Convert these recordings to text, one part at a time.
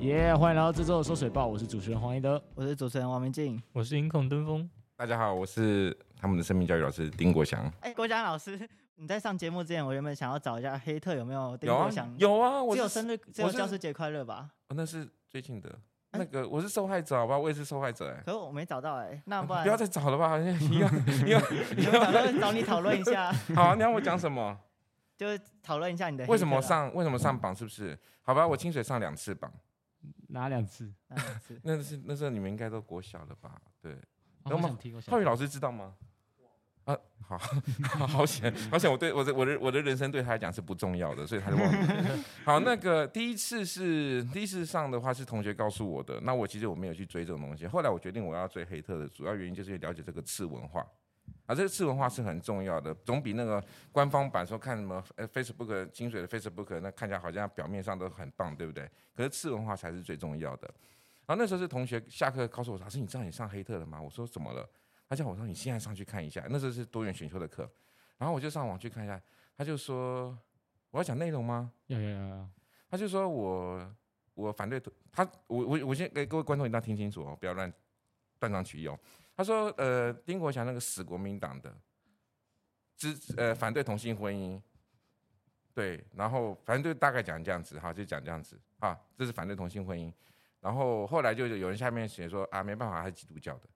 耶、yeah！歡迎來到這週的搜水報，我是主持人黃宜德，我是主持人王明靜，我是音控登峰。大家好，我是他們的生命教育老師丁國翔。哎、欸，國翔老師，你在上節目之前，我原本想要找一下黑特有沒有。有啊，有啊，我是只有生日，我只有教師節快樂吧？哦，那是最近的。啊、那個，我是受害者，好吧？我也是受害者、欸，可是我沒找到哎、欸。那不然、啊、不要再找了吧？你要 你要找你討論一下。好啊，你要我講什麼？ 就討論一下你的、啊、為什麼上為什麼上榜是不是？ 好吧，我清水上兩次榜。哪兩次？那兩次， 那是那時候你們應該都國小了吧？對，然、哦、後我們我我浩宇老師知道嗎？啊，好 好險，好險。我對我的我的我的人生對他來講是不重要的，所以他就忘了。 好，那個第一次是 第一次上的話是同學告訴我的，那我其實我沒有去追這種東西。後來我決定我要追黑特的主要原因就是去了解這個次文化。啊，這個次文化是很重要的，總比那個官方版說看什麼呃 Facebook 精髓的 Facebook，那看起來好像表面上都很棒，對不對？可是次文化才是最重要的。然、啊、後那時候是同學下課告訴我，老、啊、師，是你知道你上黑特了嗎？我說怎麼了？他叫我說你現在上去看一下。那時候是多元選修的課，然後我就上網去看一下，他就說我要講內容嗎？Yeah, yeah, yeah, yeah. 他就說我我反對他，我我我先給各位觀眾一定要聽清楚哦，不要亂斷章取義哦。他說：呃，丁國翔那個死國民黨的，支持呃反對同性婚姻，對，然後反正就大概講這樣子哈，就講這樣子哈，這是反對同性婚姻。然後後來就有人下面寫說啊，沒辦法，他是基督教的。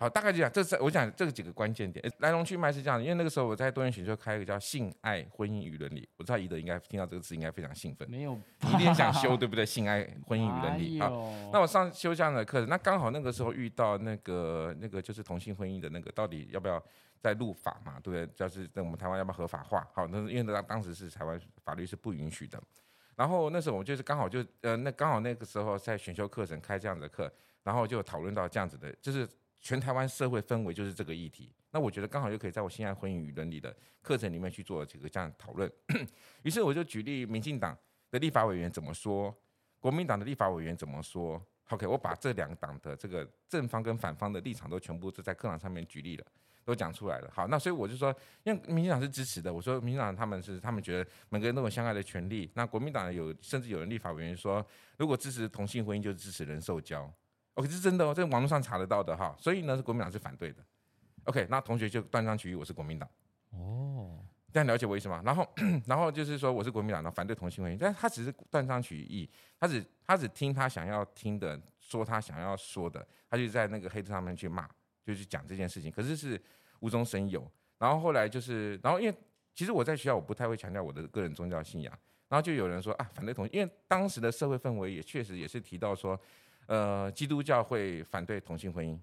好，大概就講這是我想這個幾個關鍵點誒，來龍去脈是這樣的，因為那個時候我在多元選修開一個叫性愛、婚姻與倫理，我知道宜德應該聽到這個詞應該非常興奮，沒有，一定想修對不對？性愛、婚姻與倫理啊，那我上修這樣的課，那剛好那個時候遇到那個那個就是同性婚姻的那個到底要不要再入法嘛，對不對？就是在我們台灣要不要合法化？好，那因為當當時是台灣法律是不允許的，然後那時候我就是剛好就呃，那剛好那個時候在選修課程開這樣子的課，然後就討論到這樣子的，就是。全台灣社會氛圍就是這個議題，那我覺得剛好又可以在我現在婚姻與倫理的課程裡面去做幾個這樣的討論。於 是我就舉例，民進黨的立法委員怎麼說，國民黨的立法委員怎麼說。OK，我把這兩黨的這個正方跟反方的立場都全部都在課堂上面舉例了，都講出來了。好，那所以我就說，因為民進黨是支持的，我說民進黨他們是他們覺得每個人都有相愛的權利。那國民黨有，甚至有人立法委員說，如果支持同性婚姻，就支持人獸交。o、哦、是真的哦，在網絡上查得到的哈，所以呢，國民黨是反對的。OK，那同學就斷章取義，我是國民黨。哦，這樣了解我意思嗎？然後，然後就是說，我是國民黨的反對同性婚姻，但他只是斷章取義，他只他只聽他想要聽的，說他想要說的，他就在那個黑特上面去罵，就是講這件事情，可是是無中生有。然後後來就是，然後因為其實我在學校我不太會強調我的個人宗教信仰，然後就有人說啊，反對同性，因為當時的社會氛圍也確實也是提到說。呃，基督教會反對同性婚姻，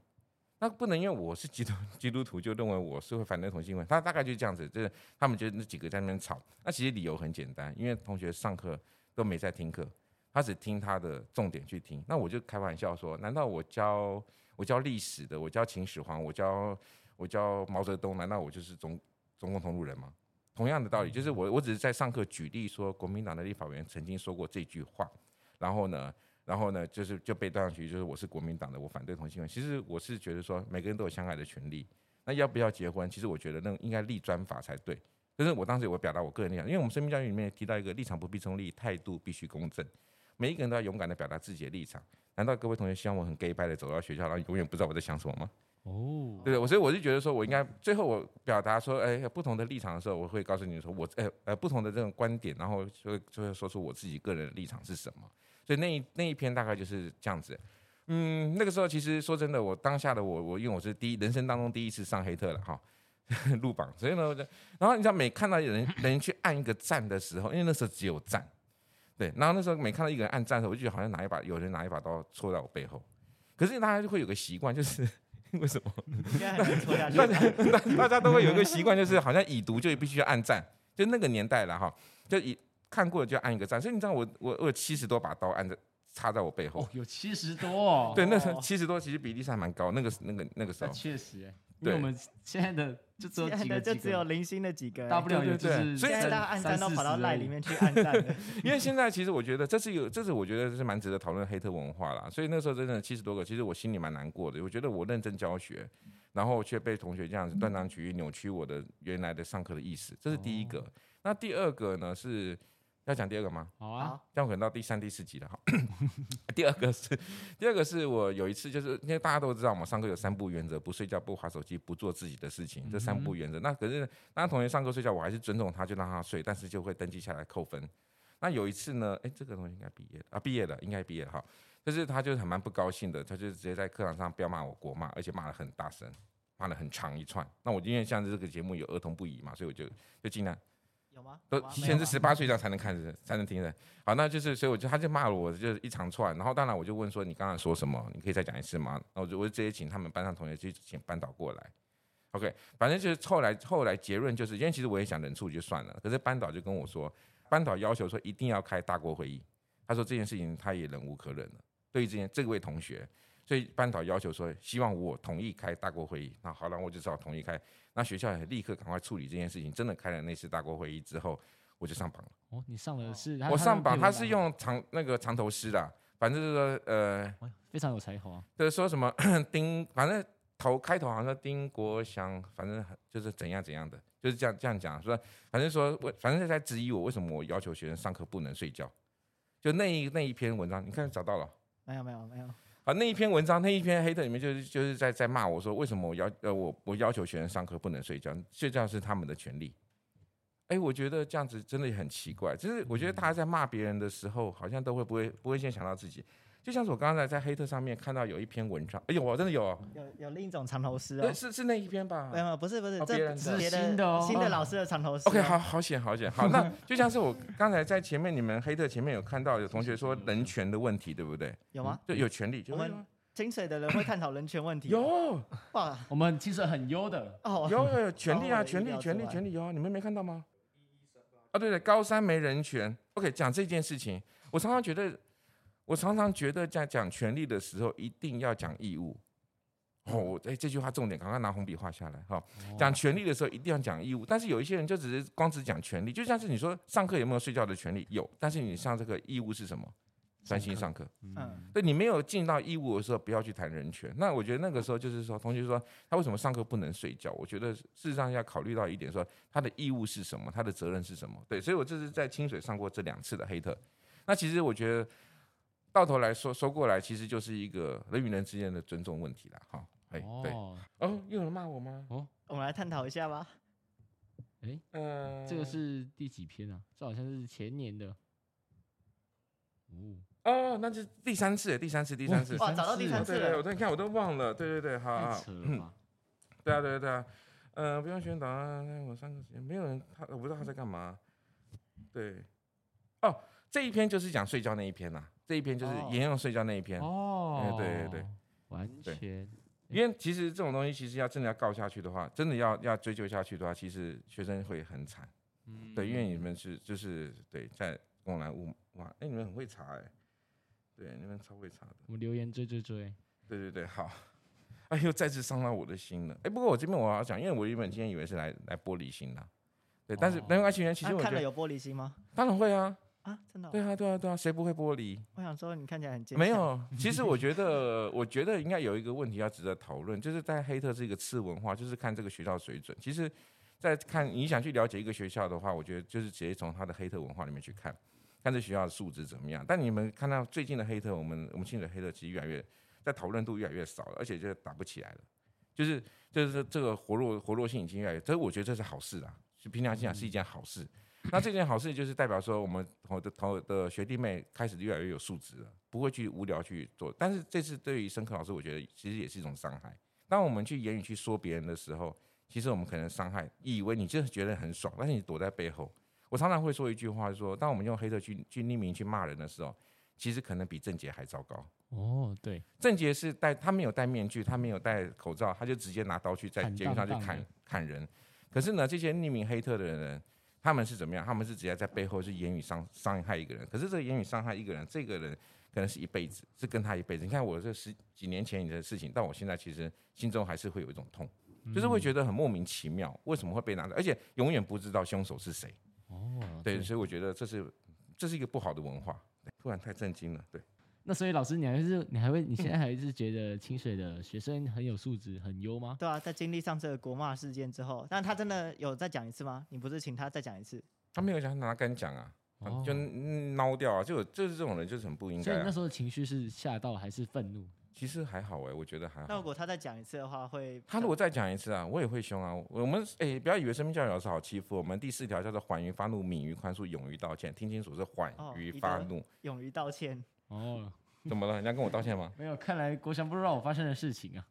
那不能因為我是基督基督徒就認為我是會反對同性婚姻。他大概就是這樣子，就是他們就那幾個在那邊吵。那其實理由很簡單，因為同學上課都沒在聽課，他只聽他的重點去聽。那我就開玩笑說，難道我教我教歷史的，我教秦始皇，我教我教毛澤東，難道我就是中中共同路人嗎？同樣的道理，就是我我只是在上課舉例說，國民黨的立法委員曾經說過這句話，然後呢，然後呢，就是就被斷上去，就是我是國民黨的，我反對同性戀。其實我是覺得說，每個人都有相愛的權利。那要不要結婚？其實我覺得那應該立專法才對。就是我當時我表達我個人立場，因為我們生命教育裡面提到一個立場不必中立，態度必須公正。每一個人都要勇敢地表達自己的立場。難道各位同學希望我很 gay 掰的走到學校，然後永遠不知道我在想什麼嗎？哦，對，我所以我就覺得說我應該最後我表達說，哎，不同的立場的時候，我會告訴你說，我哎不同的這種觀點，然後就就會說出我自己個人的立場是什麼。所以那一那一篇大概就是這樣子，嗯，那個時候其實說真的，我當下的我我因為我是第一人生當中第一次上黑特了哈、哦，入榜，所以呢，我就然後你知道每看到有人 人去按一個讚的時候，因為那時候只有讚，對，然後那時候每看到一個人按讚的時候，我就覺得好像拿一把有人拿一把刀戳在我背後，可是大家就會有個習慣，就是為什麼？ 大家 大家都會有一個習慣，就是好像已讀就必須要按讚，就那個年代了哈、哦，就已。看過了就按一個讚，所以你知道我我我有七十多把刀按着插在我背後。哦、有七十多，哦， 對，那時候七十多其實比例上還蠻高，那個那個那個時候確實對。因為我們現在的就只有就只有零星的幾個，大不了就是所以現在大家按讚都跑到賴裡面去按讚， 因為現在其實我覺得這是有，這是我覺得是蠻值得討論黑特文化啦。所以那時候真的七十多個，其實我心裡蠻難過的，我覺得我認真教學，然後卻被同學這樣子斷章取義扭曲我的原來的上課的意思，這是第一個，哦、那第二個呢是。要講第二個嗎？好啊，這樣我可能到第三、第四集了哈。 第二個是，第二個是我有一次，就是因為大家都知道我們上課有三不原則：不睡覺、不滑手機、不做自己的事情。這三不原則、嗯。那可是，那同學上課睡覺，我還是尊重他，就讓他睡，但是就會登記下來扣分。那有一次呢，誒、欸，這個同學應該畢業了啊，畢業了，應該畢業了哈。但是他就是很蠻不高興的，他就直接在課堂上飆罵我國罵，而且罵得很大聲，罵得很長一串。那我今天像這個節目有兒童不宜嘛，所以我就就盡量。都，提前至十八歲這樣才能看是，是、啊、才能聽的。好，那就是，所以我就，他就罵了我，就是一長串。然後當然我就問說，你剛才說什麼？你可以再講一次嗎？那我就，我就直接請他們班上同學去請班導過來。OK，反正就是後來，後來結論就是，因為其實我也想忍住就算了，可是班導就跟我說，班導要求說一定要開大過會議。他說這件事情他也忍無可忍了，對於這件這位同學，所以班導要求說希望我同意開大過會議。那好了，我就只好同意開。那學校也立刻趕快處理這件事情，真的開了那次大過會議之後，我就上榜了。哦，你上了是？我上榜，他是用藏那個藏頭詩的，反正就是說呃，非常有才華啊。就是說什麼丁，反正頭開頭好像說丁國翔，反正就是怎樣怎樣的，就是這樣這樣講說，反正說，反正是在質疑我為什麼我要求學生上課不能睡覺。就那一那一篇文章，你看找到了、嗯、沒有？沒有，沒有。啊，那一篇文章，那一篇黑特裡面就是就是在在罵我說，為什麼我要呃我我要求學生上課不能睡覺，睡覺是他們的權利。哎、欸，我覺得這樣子真的很奇怪，就是我覺得大家在罵別人的時候，好像都會不會不會先想到自己。就像是我剛才在黑特上面看到有一篇文章，哎呦，我真的有、哦，有有另一種藏頭詩。哦，對，是是那一篇吧？沒有，不是不是，哦、這的是別的、哦、新的老師的藏頭詩、哦。OK，好好寫，好寫，好。那 就像是我剛才在前面你們黑特前面有看到有同學說人權的問題，對不對？有嗎？就、嗯、有權利。我們清水的人會探討人權問題、哦。有啊，我們清水很優的哦，有，有權利啊，權利權利權利有啊，你們沒看到嗎？一啊，對對，對，高三沒人權。OK，講這件事情，我常常覺得。我常常覺得，在講權利的時候，一定要講義務。哦，我這句話重點趕快拿紅筆畫下來。哈、哦，講權利的時候一定要講義務，但是有一些人就只是光只講權利，就像是你說上課有沒有睡覺的權利？有，但是你上這個義務是什麼？嗯、專心上課。嗯，對，你沒有盡到義務的時候，不要去談人權。那我覺得那個時候就是說，同學說他為什麼上課不能睡覺？我覺得事實上要考慮到一點，說他的義務是什麼，他的責任是什麼？對，所以我這是在清水上過這兩次的黑特。那其實我覺得。到頭來說說過來，其實就是一個人與人之間的尊重問題了，哈，哎、欸，哦、對，哦，又有人罵我嗎？哦，我們來探討一下吧。哎、欸，嗯、呃，這個是第幾篇？啊，這好像是前年的。哦，哦，那就是第三次，第三次，第三次，哇，找到第三次了。哦、對，對對，我看，我都忘了，對對對，好、嗯、對啊，對對、啊、對啊，嗯、啊啊呃，不用宣導，啊、我三個時間，沒有人，他我不知道他在幹嘛。對，哦。這一篇就是講睡覺那一篇吶，這一篇就是沿用睡覺那一篇。哦，欸、對、對對對，完全。因為其實這種東西，其實要真的要告下去的話，真的要要追究下去的話，其實學生會很慘。嗯，對，因為你們是、嗯、就是對在公然侮辱。哎、欸，你們很會查哎、欸。對，你們超會查的。我留言追追追。對對對，好。哎，又再次傷到我的心了。哎、欸，不過我這邊我要講，因為我原本今天以為是來來玻璃心的。對，哦、但是沒關係，因為其實我看了有玻璃心嗎？當然會啊。啊，真的哦？對啊，對啊，對啊，誰不會玻璃？我想說，你看起來很。沒有，其實我覺得， 我覺得應該有一個問題要值得討論，就是在黑特是一個次文化，就是看這個學校的水準。其實，在看你想去了解一個學校的話，我覺得就是直接從他的黑特文化裡面去看，看這學校的素質怎麼樣。但你們看到最近的黑特，我們我們清水黑特其實越來越在討論度越來越少了，而且就打不起來了，就是就是這個活絡活絡性已經越來越。所以我覺得這是好事啊，就平常心講是一件好事。嗯那這件好事就是代表說，我們的同學的學弟妹開始越來越有素質了，不會去無聊去做。但是這次對於生科老師，我覺得其實也是一種傷害。當我們去言語去說別人的時候，其實我們可能傷害。以為你就是覺得很爽，但是你躲在背後。我常常會說一句話說，說當我們用黑特去去匿名去罵人的時候，其實可能比鄭杰還糟糕。哦、oh,，對，鄭杰是戴他沒有戴面具，他沒有戴口罩，他就直接拿刀去在街上去砍砍，盪盪砍人。可是呢，這些匿名黑特的人。他們是怎麼樣？他們是直接在背後是言語傷傷害一個人，可是這個言語傷害一個人，這個人可能是一輩子，是跟他一輩子。你看我這十幾年前的事情，但我現在其實心中還是會有一種痛、嗯，就是會覺得很莫名其妙，為什麼會被拿走，而且永遠不知道凶手是誰。哦、對，對，所以我覺得這是這是一個不好的文化。突然太震驚了，對。那所以老師你，你還是你還會你現在還是覺得清水的學生很有素質，很優嗎、嗯？對啊，在經歷上這個國罵事件之後，但他真的有再講一次嗎？你不是請他再講一次？他、啊、沒有講，他哪敢講啊？哦、就孬、嗯、掉啊！就就是這種人，就是很不應該、啊。所以那時候的情緒是嚇到還是憤怒？其實還好誒、欸，我覺得還好。那如果他再講一次的話，會他如果再講一次啊，我也會凶啊。我，我們誒、欸，不要以為生命教育老師好欺負。我們第四條叫做緩於發怒，敏於寬恕，勇於道歉。聽清楚，是緩於發怒，哦、勇於道歉。哦、oh, 怎麼了？人家跟我道歉嗎？ 沒有，看來國翔不知道我發生的事情啊。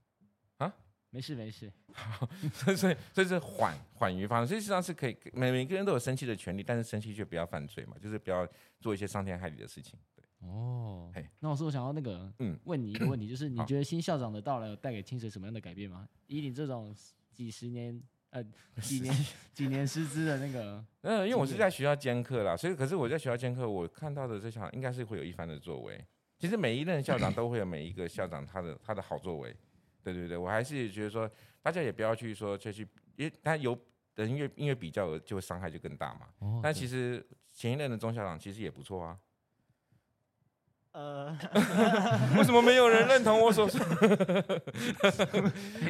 啊，沒事沒事 。所以所以所以是緩緩於發生，所以實際上是可以每每個人都有生氣的權利，但是生氣就不要犯罪嘛，就是不要做一些傷天害理的事情。對，哦，嘿，那我是否想要那個嗯問你嗯一個問題，就是你覺得新校長的到來有帶給清水什麼樣的改變嗎？Oh. 以你這種幾十年。呃，幾年是是幾年師資的那個，嗯，因為我是在學校兼課啦，所以可是我在學校兼課，我看到的這校長應該是會有一番的作為。其實每一任校長都會有每一個校長他的 他的好作為，對對對，我還是覺得說，大家也不要去說，就是因為他有的音樂音樂比較就會傷害就更大嘛。哦、但其實前一任的中校長其實也不錯啊。呃， 呃，為什麼沒有人認同我所說？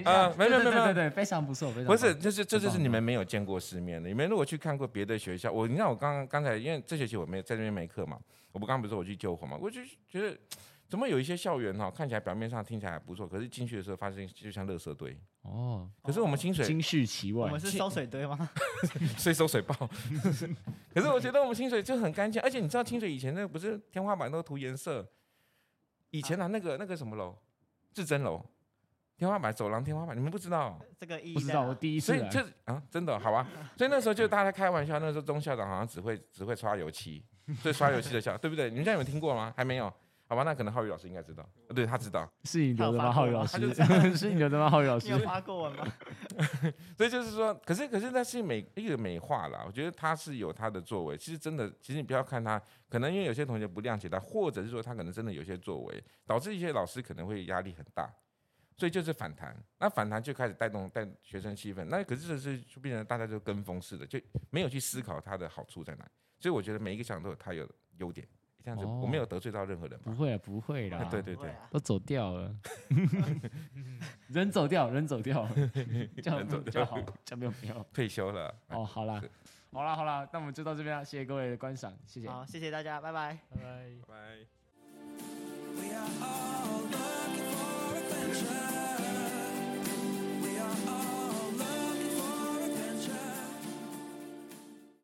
啊，沒有沒有沒有，非常不錯， 不是，這是這就是你們沒有見過世面的。你們如果去看過別的學校，我你看我剛剛才，因為這學期我沒在這邊沒課嘛，我不剛剛不是我去救火嘛，我就覺得怎麼有一些校園哈，看起來表面上聽起來還不錯，可是進去的時候發現就像垃圾堆。哦，可是我們清水，金玉其外，我們是收水堆嗎？ 所以搜水報。 可是我覺得我們清水就很乾淨，而且你知道清水以前那個不是天花板都塗顏色，以前的、啊啊、那個那個什麼樓，至真樓，天花板、走廊天花板，你們不知道這個意、啊，不第所以就啊，真的好吧？ 所以那時候就大家開玩笑，那時候鍾校長好像只會只會刷油漆，所以刷油漆的校， 對不對？你們家有，有聽過嗎？還沒有。好吧，那可能浩宇老師應該知道，對，他知道是你留的嗎？嗎？ 嗎？浩宇老師是你留的嗎？浩宇老師你發過嗎？所以就是說，可是可是那是美一個美化啦，我覺得他是有他的作為。其實真的，其實你不要看他，可能因為有些同學不諒解他，或者是說他可能真的有些作為，導致一些老師可能會壓力很大，所以就是反彈。那反彈就開始帶動帶學生氣氛。那可是這是就變成大家就跟風似的，就沒有去思考他的好處在哪。所以我覺得每一個校長都有他有優點。這樣子，我沒有得罪到任何人、oh, 不會、啊，不會啦。對對對，啊、都走掉了， 人走掉，人走掉，叫 就好，叫沒有朋友退休了。哦、oh,，好了，好了，好了，那我們就到這邊了，謝謝各位的觀賞，謝謝。好，謝謝大家，拜拜，拜拜，拜。